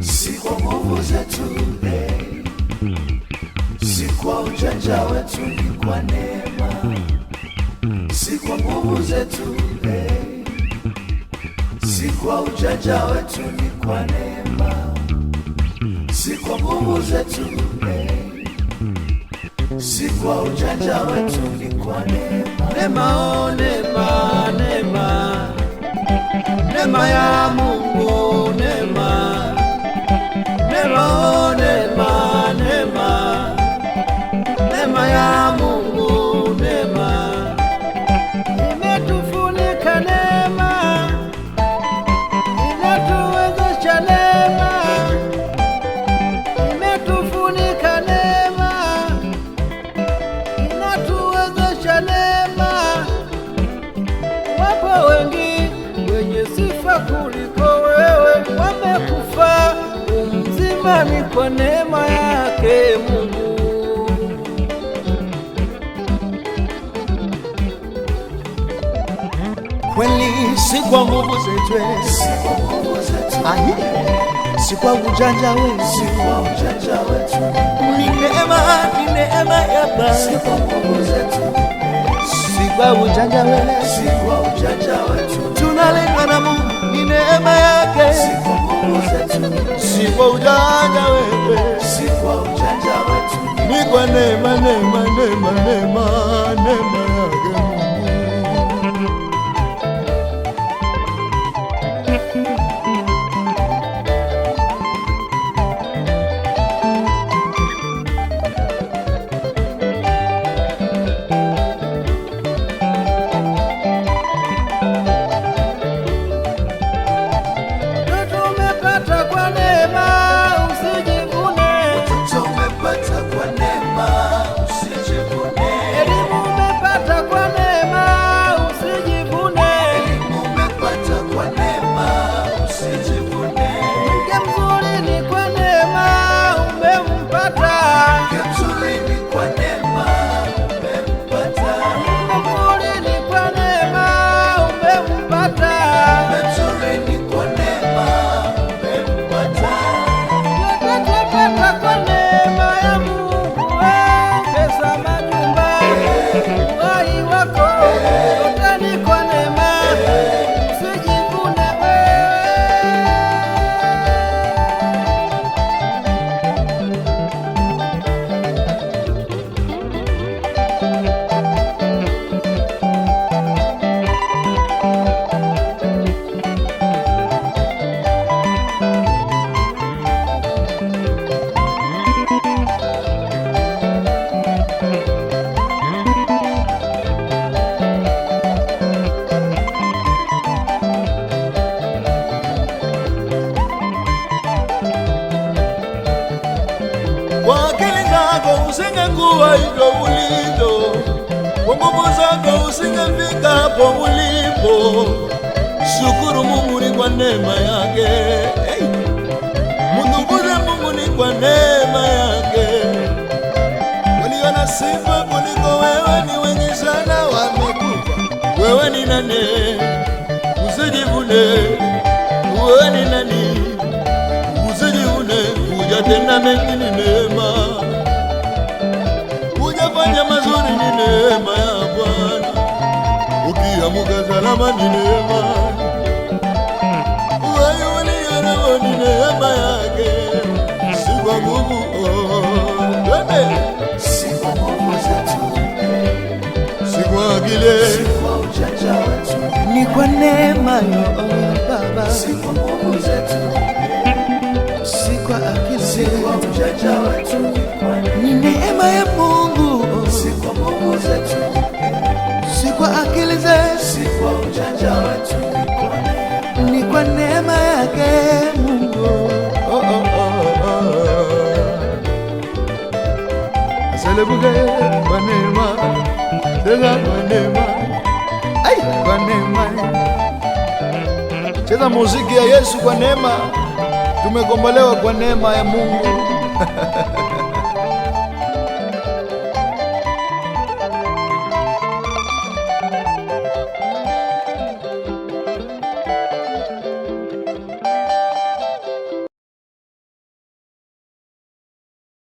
si kwa nguvu zetu, si kwa ujanja wetu, ni kwa neema, si kwa nguvu zetu, si kwa ujanja wetu, ni kwa neema, si kwa nguvu zetu, si kwa ujanja wetu, ni kwa neema, neema, neema, neema ya Mungu bora kuliko wewe, wamekufa umzima, ni kwa neema yake Mungu. Kweli si kwa nguvu zetu, si kwa ujanja wetu, ni neema, ni neema ya Baba, si kwa ujanja wetu, tunalindwa na Mungu neema yake, si kwa ujanja wewe, ni kwa neema, neema, neema, neema wakelengako usingenguwa ilo ulilo kwa nguvu zako usingefikapo ulipo. Shukuru Mungu ni kwa neema yake hey. Mtukuze Mungu ni kwa neema yake, walio na sifa kuliko wewe ni wengi sana, wamekufa wewe ni nani? Usijivune wewe ni nani? Usijivune kuja tena mengine kama ni neema, ni yake, si kwa neema ya Baba, si kwa nguvu zetu, si kwa akili, ni neema ya Mungu. Mbuge Vanema Cheza Vanema Ai Vanema Cheza muziki ya Yesu kwa neema Tumegombolewa kwa neema ya Mungu